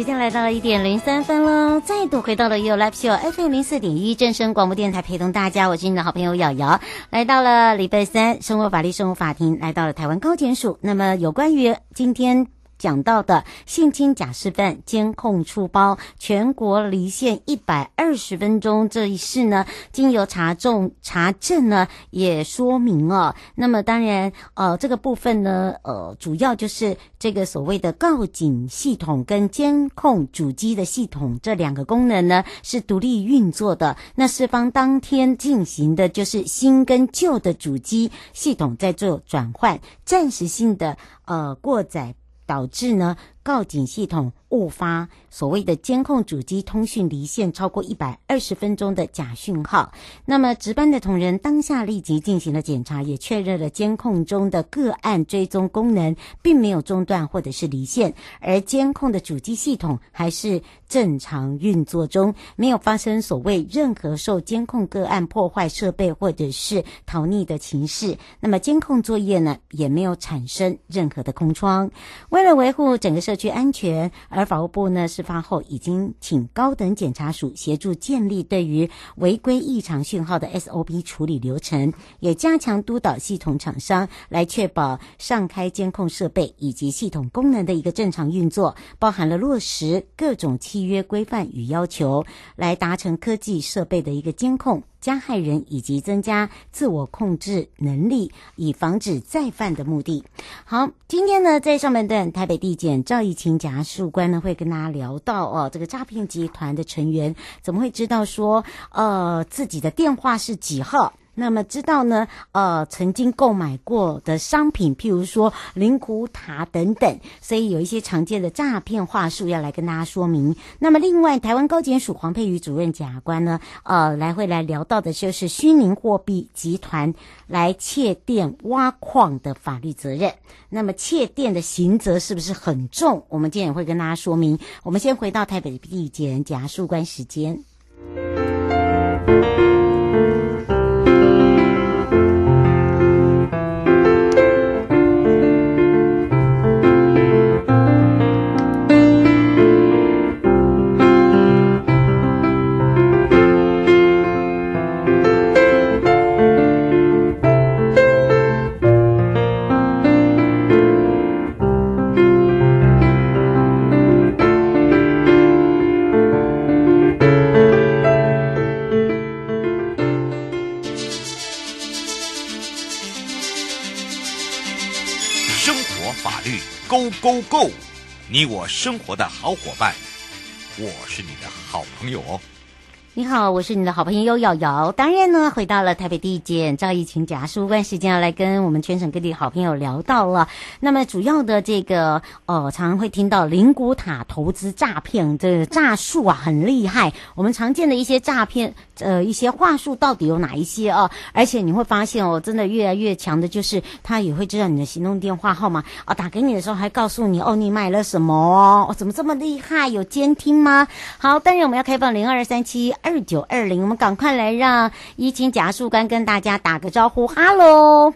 時間來到了一點零三分嘍，再度回到了 You Life Show FM 零四點一正聲廣播電台，陪同大家，我是你的好朋友瑤瑤。來到了禮拜三，生活法律生活法庭來到了台灣高檢署，那麼有關於今天。講到的性侵假釋犯監控出包，全國離線一百二十分鐘這一事呢，經由查證查證呢，也說明哦。那麼當然，呃，這個部分呢，呃，主要就是這個所謂的告警系統跟監控主機的系統這兩個功能呢，是獨立運作的。那釋放當天進行的就是新跟舊的主機系統在做轉換，暫時性的呃過載。導致呢，告警系統誤發所謂的監控主機通訊離線超過一百二十分鐘的假訊號，那麼值班的同仁當下立即進行了檢查，也確認了監控中的個案追蹤功能並沒有中斷或者是離線，而監控的主機系統還是正常運作中，沒有發生所謂任何受監控個案破壞設備或者是逃匿的情勢，那麼監控作業呢也沒有產生任何的空窗。為了維護整個社區安全，而法務部呢，事發後已經請高等檢察署協助建立對於違規異常訊號的 SOP 處理流程，也加強督導系統廠商，來確保上開監控設備以及系統功能的一個正常運作，包含了落實各種契約規範與要求，來達成科技設備的一個監控。加害人以及增加自我控制能力，以防止再犯的目的。好，今天呢，在上半段，台北地檢趙怡晴檢察事務官呢，會跟大家聊到哦，這個詐騙集團的成員怎麼會知道說，呃，自己的電話是幾號？那麼知道呢，呃，曾經購買過的商品，譬如說靈骨塔等等，所以有一些常見的詐騙話術要來跟大家說明。那麼，另外，台灣高檢署黃珮瑜主任檢察官呢，呃，來回來聊到的就是虛擬貨幣集團來竊電挖礦的法律責任。那麼，竊電的刑責是不是很重？我們今天也會跟大家說明。我們先回到台北地檢檢察事務官時間。你我生活的好伙伴，我是你的好朋友哦。你好，我是你的好朋友尤瑤瑤。當然呢，回到了台北地檢趙怡晴檢察事務官，時間要來跟我們全省各地的好朋友聊到了。那麼主要的這個呃，常常會聽到靈骨塔投資詐騙、這個詐術啊，很厲害。我們常見的一些詐騙呃，一些話術到底有哪一些啊？而且你會發現哦，真的越來越強的就是他也會知道你的行動電話號碼啊，打給你的時候還告訴你哦，你買了什麼哦？怎麼這麼厲害？有監聽嗎？好，當然我們要開放零二三七二九二零，20, 我們趕快來讓怡晴檢事官跟大家打個招呼，哈嘍。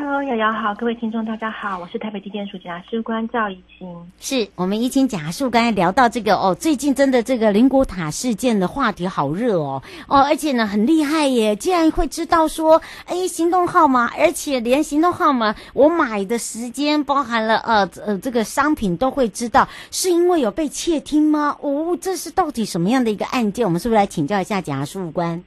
Hello，瑤瑤好，各位聽眾大家好，我是台北地檢署檢察官趙怡晴。是我們怡晴檢察官，剛才聊到這個哦，最近真的這個靈骨塔事件的話題好熱哦哦，而且呢很厲害耶，竟然會知道說欸行動號碼，而且連行動號碼我買的時間包含了呃呃這個商品都會知道，是因為有被竊聽嗎？哦，這是到底什麼樣的一個案件？我們是不是來請教一下檢察官？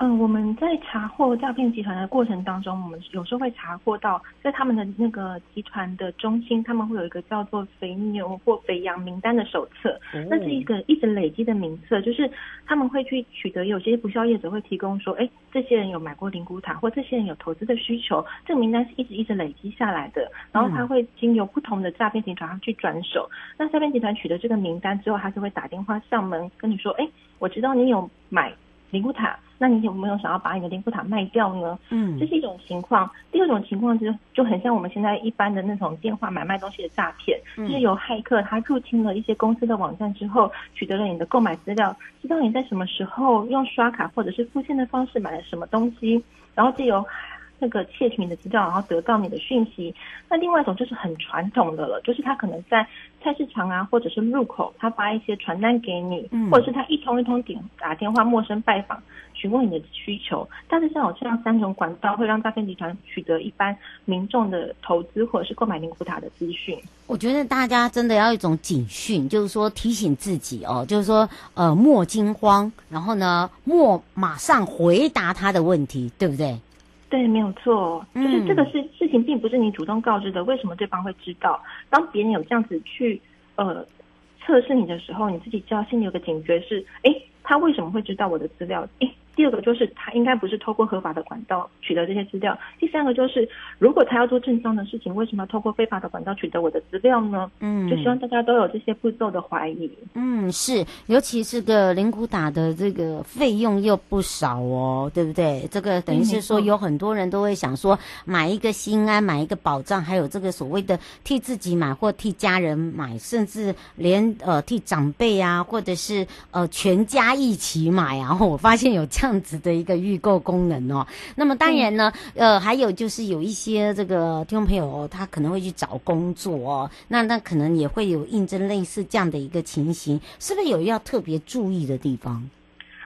嗯，我們在查獲詐騙集團的過程當中，我們有時候會查獲到，在他們的那個集團的中心，他們會有一個叫做“肥牛”或“肥羊”名單的手冊，嗯、那是一個一直累積的名冊，就是他們會去取得，有些不肖業者會提供說，哎、欸，這些人有買過靈骨塔，或這些人有投資的需求，這個名單是一直一直累積下來的，然後他會經由不同的詐騙集團去轉手，嗯、那詐騙集團取得這個名單之後，他就會打電話上門跟你說，哎、欸，我知道你有買。靈骨塔，那你有沒有想要把你的靈骨塔賣掉呢？嗯，這是一種情況。第二種情況就就很像我們現在一般的那種電話買賣東西的詐騙，嗯、就是有駭客他入侵了一些公司的網站之後，取得了你的購買資料，知道你在什麼時候用刷卡或者是付現的方式買了什麼東西，然後借由那個竊取你的資料，然後得到你的訊息。那另外一種就是很傳統的了，就是他可能在。菜市場啊，或者是入口，他發一些傳單給你，嗯、或者是他一通一通電打電話陌生拜訪，詢問你的需求。但是像我這樣三種管道，會讓詐騙集團取得一般民眾的投資或者是購買靈骨塔的資訊。我覺得大家真的要一種警訊，就是說提醒自己哦，就是說呃莫驚慌，然後呢莫馬上回答他的問題，對不對？對，沒有錯，就是這個事事情並不是你主動告知的，嗯、為什麼對方會知道？當別人有這樣子去呃測試你的時候，你自己知道心裡有個警覺是，誒，他為什麼會知道我的資料？誒。第二個就是他應該不是透過合法的管道取得這些資料。第三個就是，如果他要做正當的事情，為什麼要透過非法的管道取得我的資料呢？嗯，就希望大家都有這些步驟的懷疑嗯。嗯，是，尤其是個靈骨塔的這個費用又不少哦，對不對？這個等於是說有很多人都會想說買一個心安，買一個保障，還有這個所謂的替自己買或替家人買，甚至連呃替長輩啊，或者是呃全家一起買、啊。然後我發現有這樣這樣子的一個預購功能哦，那麼當然呢，嗯、呃，還有就是有一些這個聽眾朋友、哦，他可能會去找工作哦，那那可能也會有應徵類似這樣的一個情形，是不是有要特別注意的地方？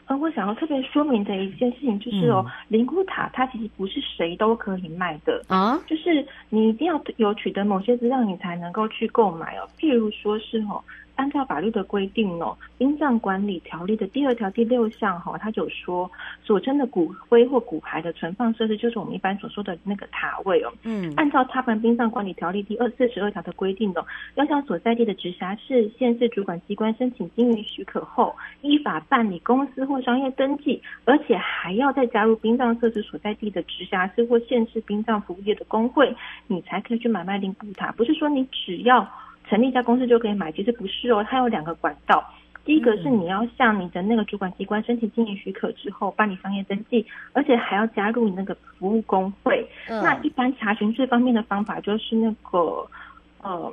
呃，我想要特別說明的一件事情就是哦，靈骨、嗯、塔它其實不是誰都可以賣的啊，嗯、就是你一定要有取得某些資料，你才能夠去購買哦，譬如說是哦。按照法律的規定哦，殯葬管理條例的第二條第六項哈、哦，它就說，所稱的骨灰或骨骸的存放設施，就是我們一般所說的那個塔位哦。嗯，按照他盤殯葬管理條例第二四十二條的規定哦，要向所在地的直轄市、縣市主管機關申請經營許可後，依法辦理公司或商業登記，而且還要再加入殯葬設施所在地的直轄市或縣市殯葬服務業的公會，你才可以去買賣靈骨塔。不是說你只要。成立一家公司就可以買，其實不是哦，它有兩個管道。第一個是你要向你的那個主管機關申請經營許可之後，辦理商業登記，而且還要加入你那個服務公會。嗯、那一般查詢這方面的方法就是那個，呃，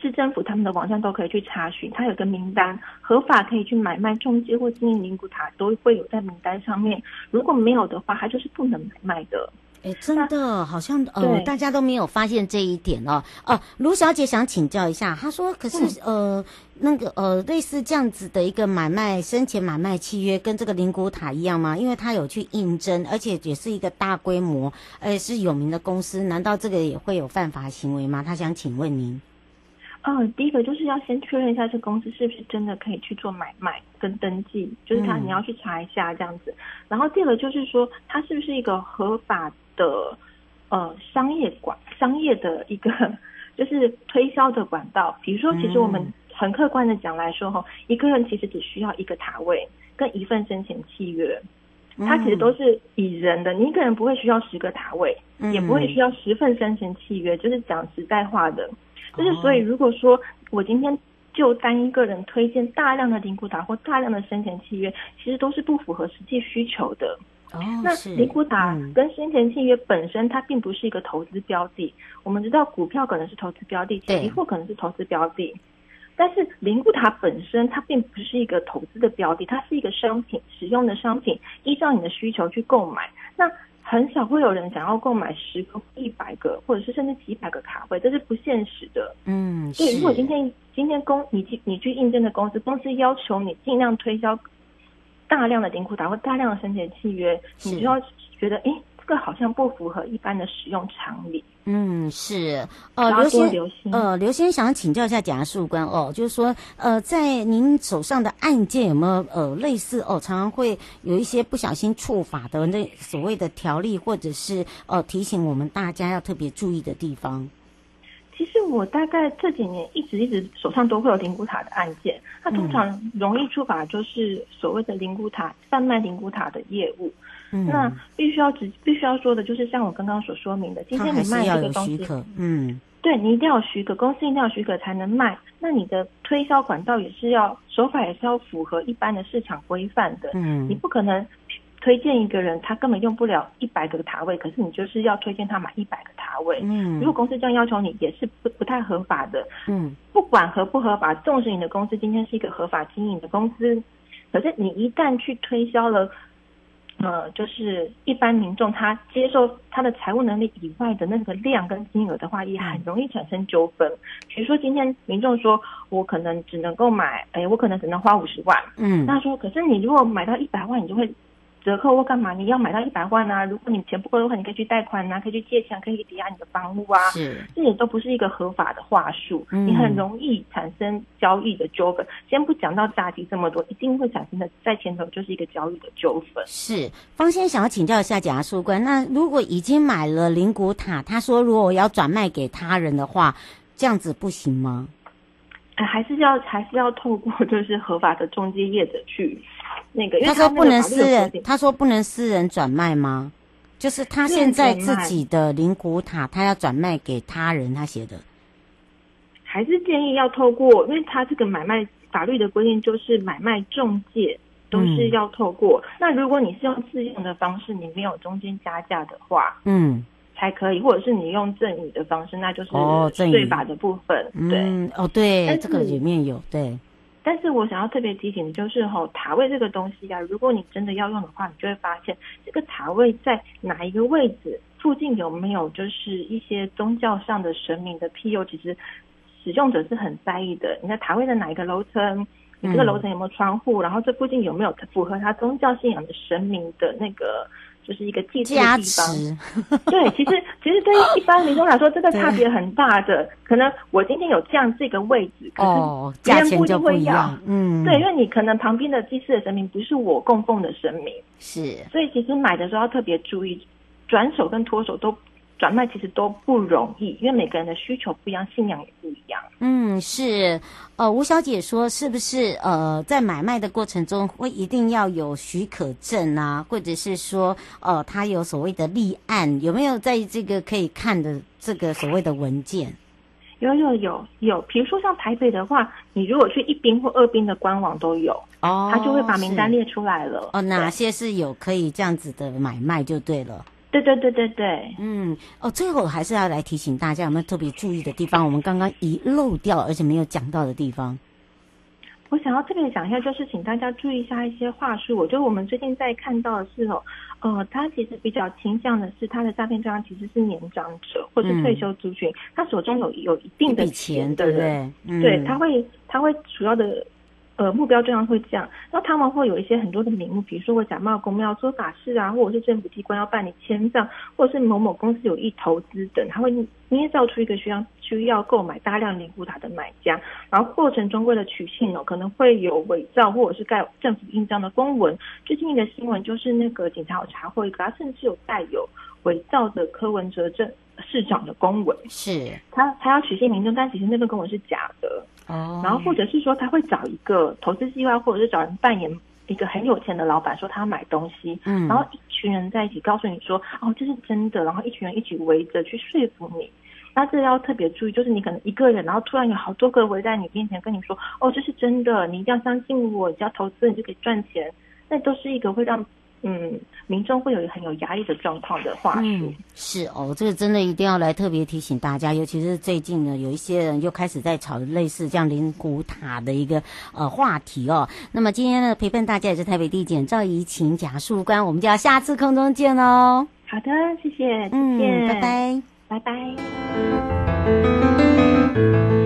市政府他們的網站都可以去查詢，它有個名單，合法可以去買賣、中介或經營靈骨塔都會有在名單上面。如果沒有的話，它就是不能買賣的。哎，真的，好像呃，對大家都沒有發現這一點哦。哦、呃，盧小姐想請教一下，她說，可是、嗯、呃，那個呃，類似這樣子的一個買賣，生前買賣契約跟這個靈骨塔一樣嗎？因為他有去應徵，而且也是一個大規模、而、呃、是有名的公司，難道這個也會有犯法行為嗎？她想請問您。嗯、呃，第一個就是要先確認一下這公司是不是真的可以去做買賣跟登記，嗯、就是他你要去查一下這樣子。然後第二個就是說，它是不是一個合法，的呃、商業管商業的一個就是推銷的管道，比如說，其實我們很客觀的講來說哈，嗯、一個人其實只需要一個塔位跟一份生前契約，它其實都是以人的，嗯、你一個人不會需要十個塔位，嗯、也不會需要十份生前契約，就是講實在話的，就是所以如果說，我今天就單一個人推薦大量的靈骨塔或大量的生前契約，其實都是不符合實際需求的。Oh, 那靈骨塔跟生前契約本身，它並不是一個投資標的。嗯、我們知道股票可能是投資標的，期貨對可能是投資標的，但是靈骨塔本身它並不是一個投資的標的，它是一個商品，使用的商品，依照你的需求去購買。那很少會有人想要購買十個、一百個，或者是甚至幾百個卡位，這是不現實的。嗯，所以如果今天是今天公你去你去應徵的公司，公司要求你儘量推銷。大量的丁庫，打過大量的生前契約，是你就要覺得，哎、欸，這個好像不符合一般的使用常理。嗯，是。呃，劉先，呃，劉先想請教一下檢察官哦，就是說，呃，在您手上的案件有沒有呃類似哦，常常會有一些不小心觸法的那所謂的條例，或者是呃提醒我們大家要特別注意的地方。其實我大概這幾年一直一直手上都會有靈骨塔的案件，它通常容易觸法就是所謂的靈骨塔販賣靈骨塔的業務。嗯，那必須要只必須要說的就是像我剛剛所說明的，今天你賣這個東西，嗯，對你一定要有許可，公司一定要有許可才能賣。那你的推銷管道也是要手法也是要符合一般的市場規範的，嗯，你不可能。推薦一個人，他根本用不了一百個塔位，可是你就是要推薦他買一百個塔位。嗯，如果公司這樣要求你，也是不不太合法的。嗯，不管合不合法，縱使你的公司今天是一個合法經營的公司，可是你一旦去推銷了，呃，就是一般民眾他接受他的財務能力以外的那個量跟金額的話，也很容易產生糾紛。比如說今天民眾說我可能只能夠買，哎，我可能只能花五十萬。嗯，他說，可是你如果買到一百萬，你就會。折扣或幹嘛？你要買到一百萬啊！如果你錢不夠的話，你可以去貸款啊，可以去借錢，可以抵押你的房屋啊。是，這也都不是一個合法的話術，你、嗯、很容易產生交易的糾紛。先不講到詐欺這麼多，一定會產生的在前頭就是一個交易的糾紛。是，方先想要請教一下檢察事務官，那如果已經買了靈骨塔，他說，如果我要轉賣給他人的話，這樣子不行嗎？還是要還是要透過就是合法的中介業者去。那個，他，那個他說不能私人，他說不能私人轉賣嗎？就是他現在自己的靈骨塔，他要轉賣給他人，他寫的還是建議要透過，因為他這個買賣法律的規定就是買賣中介都是要透過。嗯、那如果你是用自用的方式，你沒有中間加價的話，嗯，才可以，或者是你用贈與的方式，那就是哦，贈與，對法的部分，哦嗯、對，哦對，是這個裡面有對。但是我想要特別提醒的就是，吼，塔位這個東西啊，如果你真的要用的話，你就會發現這個塔位在哪一個位置附近有沒有，就是一些宗教上的神明的庇佑，其實使用者是很在意的。你看塔位在哪一個樓層，你這個樓層有沒有窗戶，嗯、然後這附近有沒有符合他宗教信仰的神明的那個。就是一個祭祀的地方，加持 對，其實其實對於一般民眾來說，這個差別很大的。對可能我今天有這樣這個位置，可哦，價錢就會不一樣。嗯，對，因為你可能旁邊的祭祀的神明不是我供奉的神明，是，所以其實買的時候要特別注意，轉手跟脫手都。轉賣其實都不容易，因為每個人的需求不一樣，信仰也不一樣。嗯，是。呃，吳小姐說，是不是呃，在買賣的過程中會一定要有許可證啊，或者是說呃，他有所謂的立案，有沒有在這個可以看的這個所謂的文件？有有有有，比如說像台北的話，你如果去一殯或二殯的官網都有，哦，他就會把名單列出來了。哦，哪些是有可以這樣子的買賣就對了。對對對對對對，嗯，哦，最後還是要來提醒大家有沒有特別注意的地方？我們剛剛遺漏掉，而且沒有講到的地方。我想要特別講一下，就是請大家注意一下一些話術。我覺得我們最近在看到的是哦，呃，他其實比較傾向的是，他的詐騙對象其實是年長者或者退休族群，他、嗯、手中有有一定的錢,的一筆錢，對不對,對？嗯、對，他會，他會主要的。呃，目標這樣會這樣，那他們會有一些很多的名目，比如說，會假冒宮廟做法事啊，或者是政府機關要辦理簽證，或者是某某公司有意投資等，他會捏造出一個需要需要購買大量靈骨塔的買家，然後過程中為了取信哦，可能會有偽造或者是蓋政府印章的公文。最近一個新聞就是那個警察有查獲一個，他甚至有帶有偽造的柯文哲政市長的公文，是他他要取信民眾，但其實那個公文是假的。哦，然後或者是說他會找一個投資計劃，或者是找人扮演一個很有錢的老闆，說他要買東西，嗯，然後一群人在一起告訴你說，哦，這是真的，然後一群人一起圍着去說服你，那這要特別注意，就是你可能一個人，然後突然有好多個人圍在你面前跟你說，哦，這是真的，你一定要相信我，你只要投資你就可以賺錢，那都是一個會讓。嗯，民眾會有很有壓力的狀況的話題。嗯，是哦，這個真的一定要來特別提醒大家，尤其是最近呢，有一些人又開始在炒類似這樣靈骨塔的一個呃話題哦。那麼今天呢，陪伴大家也是台北地檢趙怡晴檢事官，我們就要下次空中見哦。好的，謝謝，再見。嗯，拜拜，拜拜。拜拜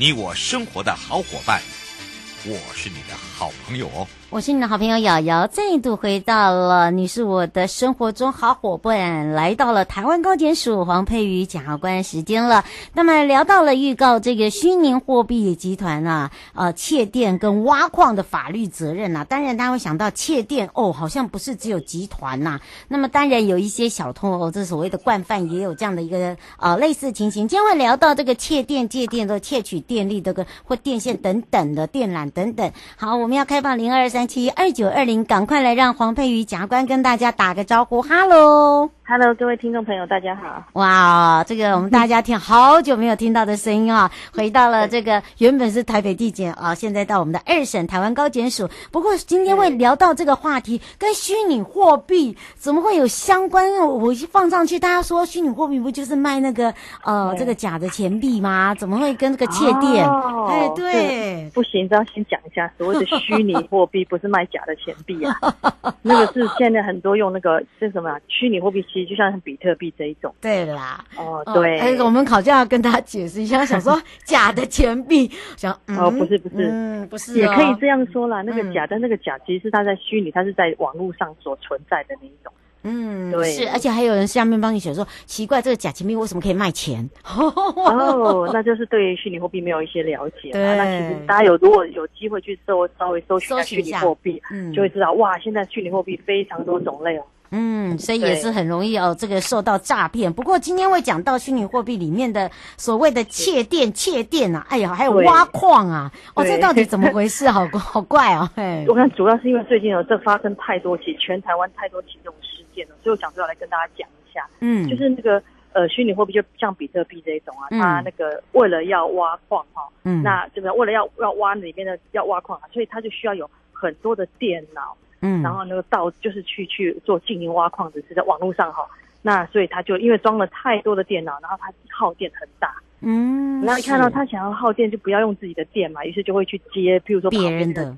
你我生活的好夥伴，我是你的好朋友哦，我是你的好朋友瑤瑤，再度回到了你是我的生活中好夥伴，來到了台灣高檢署黃佩瑜檢察官時間了。那麼聊到了預告這個虛擬貨幣集團啊，呃，竊電跟挖礦的法律責任吶、啊。當然大家會想到竊電哦，好像不是只有集團吶、啊，那麼當然有一些小偷哦，這所謂的慣犯也有這樣的一個呃類似情形。今天會聊到這個竊電、借電的竊取電力這個或電線等等的電纜等等。好，我。我們要開放零二三七二九二零，趕快來讓黃珮瑜檢察官跟大家打個招呼。Hello，Hello，Hello, 各位聽眾朋友，大家好。哇，這個我們大家聽好久沒有聽到的聲音啊， 回到了這個原本是台北地檢啊，現在到我們的二審台灣高檢署。不過今天會聊到這個話題，對跟虛擬貨幣怎麼會有相關？我一放上去，大家說虛擬貨幣不就是賣那個呃對這個假的錢幣嗎？怎麼會跟這個竊電？哎對、哦，對，不行，要先講一下所謂的虛擬貨幣，不是賣假的錢幣啊， 那個是現在很多用那個是什麼、啊、虛擬貨幣，其實就像是比特幣這一種。對啦，哦對哦、欸，我們好像要跟大家解釋一下，想說假的錢幣，想、嗯、哦不是不是嗯，不是、哦，也可以這樣說啦，那個假的、嗯、那個假，其實它在虛擬，它是在網絡上所存在的那一種。嗯，對，是，而且還有人下面幫你選說，奇怪，這個假錢幣為什麼可以賣錢？哦，oh, 那就是對虛擬貨幣沒有一些了解。對那其實大家有如果有機會去搜，稍微搜一下虛擬貨幣，嗯、就會知道，哇，現在虛擬貨幣非常多種類哦、啊。嗯嗯，所以也是很容易對哦，這個受到詐騙。不過今天會講到虛擬貨幣裡面的所謂的竊電、竊對電啊，哎呀，還有挖礦啊，對哦，這到底怎麼回事？好好怪哦、啊！嘿我看主要是因為最近哦，這發生太多起全台灣太多起這種事件了，所以我想要來跟大家講一下。嗯，就是那個呃，虛擬貨幣就像比特幣這一種啊，嗯、它那個為了要挖礦哈、哦，嗯，那這個為了要要挖裡面的要挖礦啊，所以它就需要有很多的電腦。嗯，然後那個道就是去去做靜音挖礦，只是在網絡上哈。那所以他就因為裝了太多的電腦，然後他耗電很大。嗯，那你看到他想要耗電，就不要用自己的電嘛，於是就會去接，比如說別人的，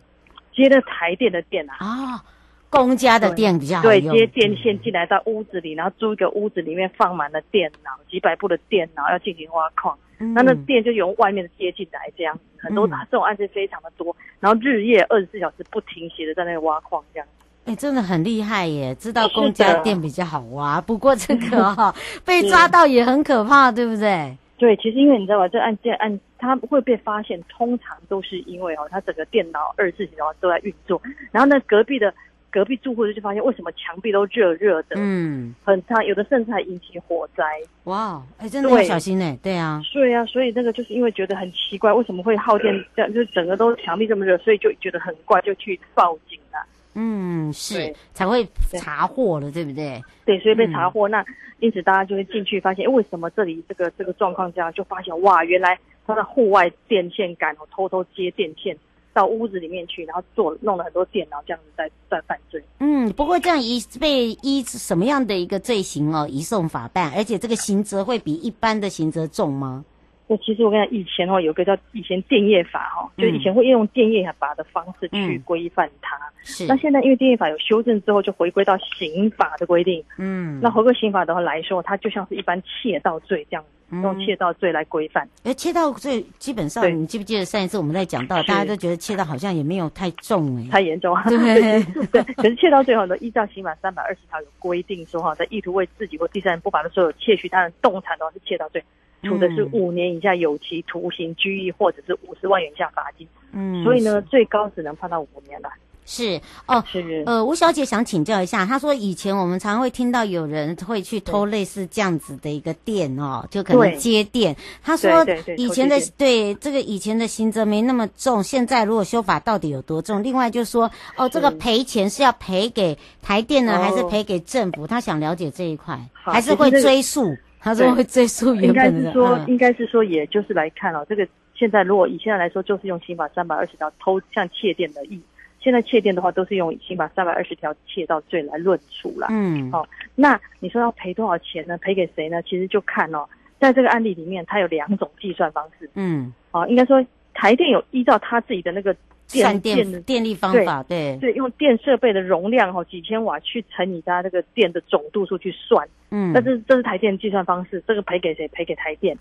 接的台電的電啊。啊。公家的電比較好，對，對，接電線進來到屋子裡，然後租一個屋子裡面放滿了電腦，幾百部的電腦要進行挖礦，那、嗯、那電就由外面的接進來，這樣子很多、嗯、這種案件非常的多，然後日夜二十四小時不停歇的在那裡挖礦，這樣子，哎、欸，真的很厲害耶，知道公家的電比較好挖，的不過這個哈、喔、 對被抓到也很可怕，對不對？對，其實因為你知道吧，這案件案它會被發現，通常都是因為哦，它整個電腦二十四小時都在運作，然後那隔壁的。隔壁住戶就就發現，為什麼牆壁都熱熱的？嗯，很燙，有的甚至還引起火災。哇，哎、欸，真的要小心呢、欸。對，對啊，所以啊，所以那個就是因為覺得很奇怪，為什麼會耗電這樣？就是整個都牆壁這麼熱，所以就覺得很怪，就去報警了、啊。嗯，是對才會查獲了，對不對？對，所以被查獲，嗯、那因此大家就會進去發現，為什麼這裡這個這個狀況這樣？就發現哇，原來他的戶外電線桿哦，偷偷接電線。到屋子裡面去，然後做弄了很多電腦，然後這樣子在在犯罪。嗯，不過這樣一被依什麼樣的一個罪行哦，移送法辦，而且這個刑責會比一般的刑責重嗎？那其實我跟你講，以前的話有一個叫以前電業法哈，就是以前會用電業法的方式去規範它。是。那現在因為電業法有修正之後，就回歸到刑法的規定。嗯。那回歸刑法的話來說，它就像是一般竊盜罪這樣，用竊盜罪來規範。嗯。哎、嗯，欸、竊盜罪基本上，你記不記得上一次我們在講到，大家都覺得竊盜好像也沒有太重、欸、太嚴重啊對 對？ 對對。可是竊盜罪的話，依照刑法三百二十條有規定說哈，在意圖為自己或第三人不法的所有竊取他人動產的話，是竊盜罪。處的是五年以下有期徒刑、拘役，或者是五十萬元以下罰金。嗯，所以呢，最高只能判到五年了。是哦，是呃，吳小姐想請教一下，她說以前我們常會聽到有人會去偷類似這樣子的一個電哦，就可能接電，她說以前的對這個以前的刑責沒那麼重，現在如果修法到底有多重？另外就是說哦，這個賠錢是要賠給台電呢，還是賠給政府？她想了解這一塊，還是會追溯？他說會追溯原本的。應該是說，應該是說，嗯、是說也就是來看哦，這個現在，如果以現在來說，就是用刑法三百二十條偷，像竊電的意。現在竊電的話，都是用刑法三百二十條竊盜罪來論處了。嗯，好、哦，那你說要賠多少錢呢？賠給誰呢？其實就看哦，在這個案例裡面，它有兩種計算方式。嗯，好、哦，應該說台電有依照他自己的那個。電電的電,電力方法對，是用電設備的容量哈、哦、幾千瓦去乘以它這個電的總度數去算，嗯，但是這是台電計算方式，這個賠給誰？賠給台電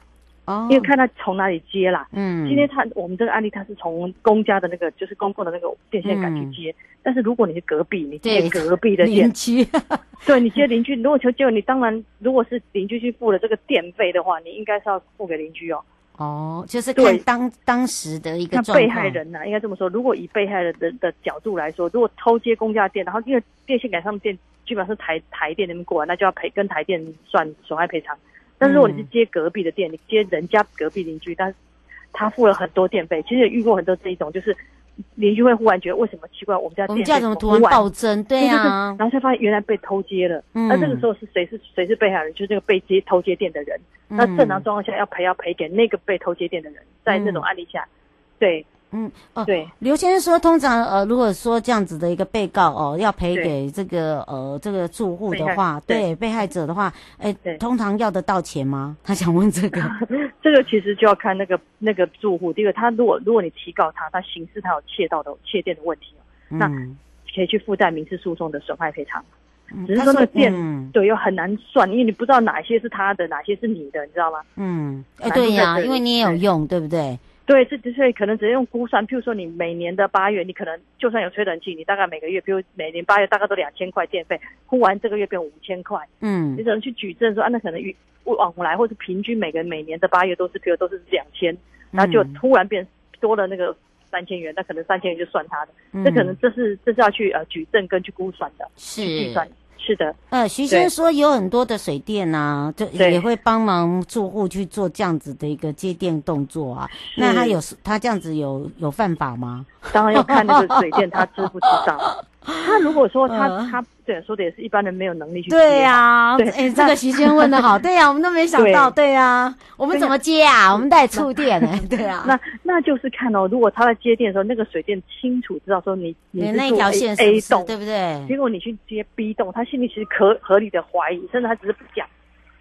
哦，因為看他從哪裡接啦，嗯，今天他我們這個案例他是從公家的那個就是公共的那個電線杆、嗯、去接，但是如果你是隔壁，你接隔壁的電， 對，你接鄰居，如果求救你當然如果是鄰居去付了這個電費的話，你應該是要付給鄰居哦。哦，就是看當對當時的一個那被害人吶、啊，應該這麼說。如果以被害人的的角度來說，如果偷接公家電，然後因為電線桿上的電，基本上是台台電那邊過來，那就要賠跟台電算損害賠償。但是如果你是接隔壁的電，嗯、你接人家隔壁鄰居，但他付了很多電費，其實也遇過很多這一種，就是。鄰居會忽然覺得為什麼奇怪，我們家電怎麼突然暴漲？對啊，然後才發現原來被偷接了。嗯、那這個時候是誰是誰是被害人？就是這個被接偷接電的人。嗯、那正常狀況下要賠要賠給那個被偷接電的人，在這種案例下，嗯、對。嗯哦，對，劉先生說，通常呃，如果說這樣子的一個被告哦，要賠給這個呃這個住戶的話，對被害者的話，哎，通常要得到錢嗎？他想問這個，這個其實就要看那個那個住戶。第二個，他如果如果你提告他，他刑事他有竊盜的竊電的問題，那可以去附帶民事訴訟的損害賠償。只是說那個電對又很難算，因為你不知道哪些是他的，哪些是你的，你知道嗎？嗯，哎，對呀，因為你也有用，對不對？對，這所以可能只能用估算，譬如說你每年的八月，你可能就算有吹冷氣，你大概每個月，比如每年八月大概都兩千塊電費，呼完這個月變五千塊，嗯，你只能去舉證說啊，那可能與往來或是平均每個每年的八月都是比如都是兩千，然後就突然變多了那個三千元，那可能三千元就算他的，這、嗯、可能這是這是要去呃舉證跟去估算的，是計算。是的，呃，徐先生說有很多的水電吶、啊，對就也會幫忙住戶去做這樣子的一個接電動作啊。是那他有他這樣子有有犯法嗎？當然要看那個水電 他知不知道。他如果說他他對說的也是一般人沒有能力去接啊，對哎，這個時間問的好，對呀，我們都沒想到，對呀，我們怎麼接啊？我們在觸電欸，對啊。那那就是看哦，如果他在接電的時候，那個水電清楚知道說你你那條線是 A 棟對不對？結果你去接 B 棟，他心裡其實可合理的懷疑，甚至他只是不講，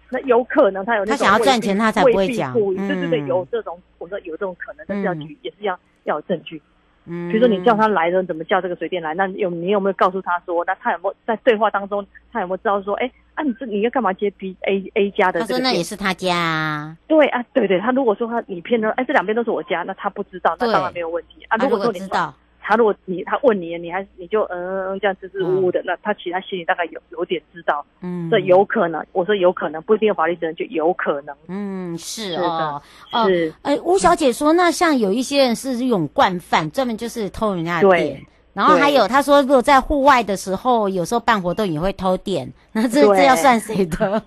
那有可能他有他想要賺錢，他才不會講，對對對，有這種我說有這種可能，但是要舉也是要要有證據。嗯，比如說你叫他來的，你怎麼叫這個水電來？那有你有沒有告訴他說？那他有沒有在對話當中，他有沒有知道說？哎、欸，啊你，你這你要幹嘛接 B A A 家的這個？這那也是他家、啊對啊。對啊，對對，他如果說他你騙他，哎、欸，這兩邊都是我家，那他不知道，那當然沒有問題對啊。如果說你知道。他如果你他問你，你還你就嗯嗯嗯這樣支支吾吾的，嗯、那他其他心裡大概有有點知道，嗯，這有可能，我說有可能，不一定有法律責任，就有可能。嗯，是哦，是，的哦是，哎、呃，吳、呃、小姐說，那像有一些人是這種慣犯，專門就是偷人家的電。對然後還有他對說，如果在戶外的時候，有時候辦活動也會偷電。那這對這要算誰的？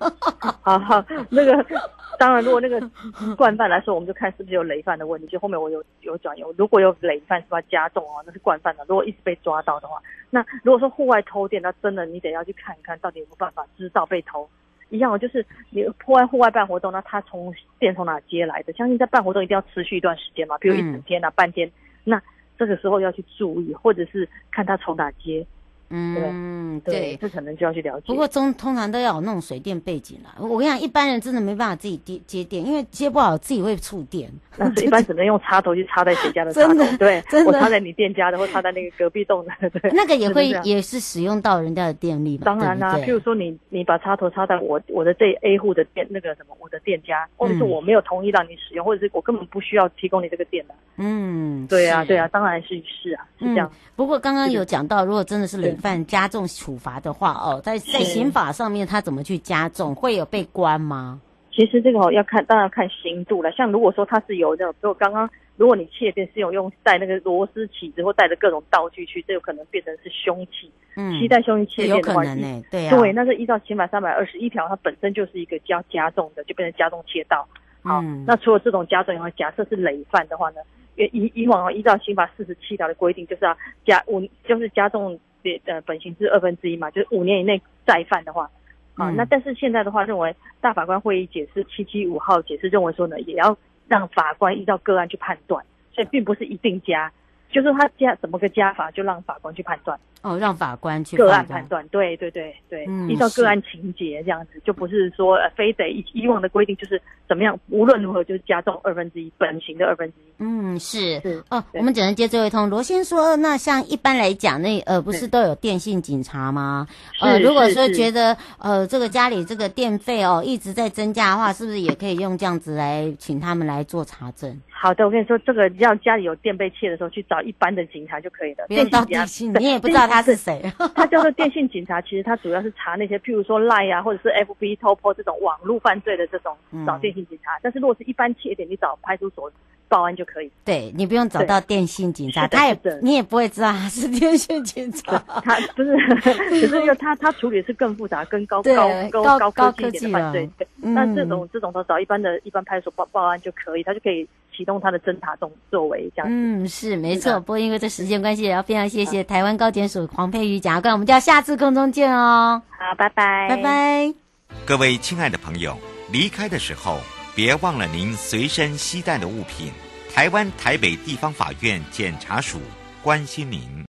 哈哈。 那個。當然，如果那個慣犯來說，我們就看是不是有累犯的問題。就後面我有有轉移，如果有累犯，是不是要加重啊，那是慣犯的。如果一直被抓到的話，那如果說戶外偷電，那真的你得要去看一看到底有沒有辦法知道被偷。一樣就是你戶外戶外辦活動，那他從電從哪接來的？相信在辦活動一定要持續一段時間嘛，比如一整天啊，半天，那這個時候要去注意，或者是看他從哪接。嗯，對，這可能就要去了解。不過中，通常都要有那種水電背景啦。我跟你講，一般人真的沒辦法自己接接電，因為接不好自己會觸電。但是一般只能用插頭去插在誰家的插頭？對，真的。我插在你店家的，或插在那個隔壁棟的。對，那個也會也是使用到人家的電力。當然啦，譬如說你你把插頭插在我我的這 A 戶的電那個什麼我的店家，或者是我沒有同意讓你使用，或者是我根本不需要提供你這個電的。嗯，對啊，對啊，當然是是啊，是這樣。不過剛剛有講到，如果真的是冷。犯加重處罰的話哦，在在刑法上面他怎麼去加重？是會有被關嗎？其實這個哦要看，當然要看刑度了。像如果說他是有這種，比如剛剛，如果你竊電是有用帶那個螺絲起子或帶着各種道具去，這有可能變成是兇器，嗯，攜帶兇器竊電有可能誒、欸，對、啊，對，那是依照刑法三百二十一條，它本身就是一個加加重的，就變成加重竊盜。好，嗯、那除了這種加重以外，假設是累犯的話呢？因為以以往、哦、依照刑法四十七條的規定，就是要、啊、加，五，就是加重。呃，本刑是二分之一嘛，就是五年以內再犯的話，啊，嗯、那但是現在的話，認為大法官會議解釋七七五號解釋認為說呢，也要讓法官依照個案去判斷，所以並不是一定加，就是他加怎麼個加法，就讓法官去判斷。哦，讓法官去個案判斷，對對對對，依照個案情節這樣子，就不是說呃非得以以往的規定就是怎麼樣，無論如何就是加重二分之一本刑的二分之一。嗯，是是哦。我們只能接這一通。羅先生說，那像一般來講，那呃不是都有電信警察嗎？呃，如果說覺得呃這個家裡這個電費哦一直在增加的話，是不是也可以用這樣子來請他們來做查證？好的，我跟你說，這個讓家裡有電被竊的時候，去找一般的警察就可以了。電信，你也不知道。他是誰？ 他叫做電信警察，其實他主要是查那些，譬如說賴啊，或者是 F B 突破這種網絡犯罪的這種找電信警察。嗯、但是，如果是一般竊電，你找派出所報案就可以。對，你不用找到電信警察，他也不，你也不會知道他是電信警察。他不是， 只是因為他他處理是更複雜、跟高對高高高科技一點的犯罪。對，那、嗯、這種這種都找一般的一般派出所報報案就可以，他就可以，啟動他的偵查動作為這樣，嗯，是沒錯。啊、不過因為這時間關係，也要非常謝謝台灣高檢署黃佩瑜檢察官，我們就要下次空中見哦。好，拜拜，拜拜。各位親愛的朋友，離開的時候別忘了您隨身攜帶的物品。台灣台北地方法院檢察署關心您。